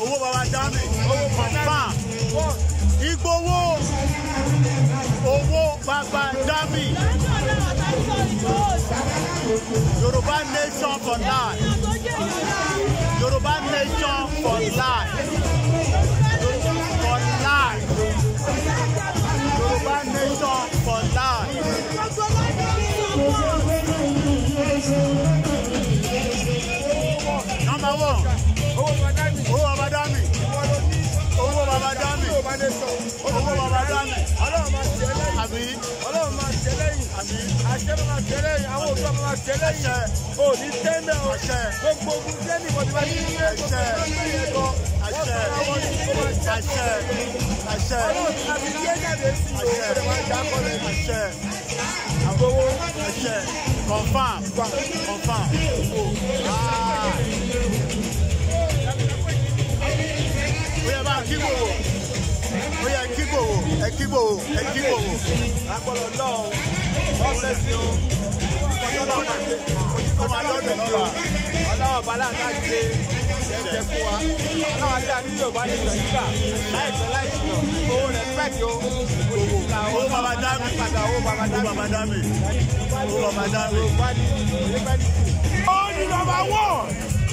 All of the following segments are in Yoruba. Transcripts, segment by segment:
owó baba dami owó confam Igboho owó baba dami Yorùbá nation for life Yorùbá nation for life for life Yorùbá nation for life. Number one owó bàbá dámì owó bàbá dámì owó bàbá dámì àbí ọlọ́run máa jẹ lẹ́yìn àbí àṣẹ máa jẹ lẹ́yìn àwọn òbí máa jẹ lẹ́yìn òní tẹ́lẹ̀ o gbogbo ogun jẹ́nì mọ̀ nípa yìí ní ẹ̀ṣẹ̀ àṣẹ àṣẹ àṣẹ ọlọ́run ti láti yé jáde sí i òun ẹ̀rọ máa dá kọ́lẹ̀ àṣẹ àgbowó àṣẹ confam confam. kí gbòòwò ó yẹ kí gbòòwò ẹ kí gbòòwò ẹ kí gbòòwò. agbọ́dọ̀ lọ o ọ̀sẹ̀ sí o ọjọ́ náà máa dé ọmọ alọ́dún lọ́la ọlọ́wọ́ bala náà ṣe jẹ́jẹ́ fún wa ọlọ́wọ́ àti àti yorùbá ní nàìjíríà láìpẹ́ láìpẹ́ owó rẹ̀ pẹ́ẹ́kì o owó bàbá dámì owó bàbá dámì owó bàbá dámì. ó ní lọ́ba wọ̀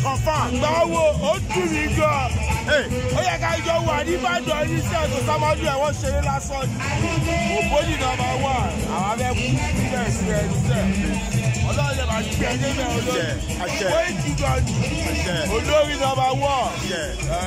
kọ̀fà gbà wo ó dùn mí gan-an ó yẹ ká jọ wà nìbàdàn ní sí ẹ̀sùn sámọ́dún ẹ̀wọ̀n ṣeré lásán ni ògbóni nọ́mbà wà àwọn abẹ́kú sílẹ̀ sílẹ̀ sílẹ̀ ọlọ́run lè máa gbé ẹgbẹ́ olórí olórí nọ́mbà wà.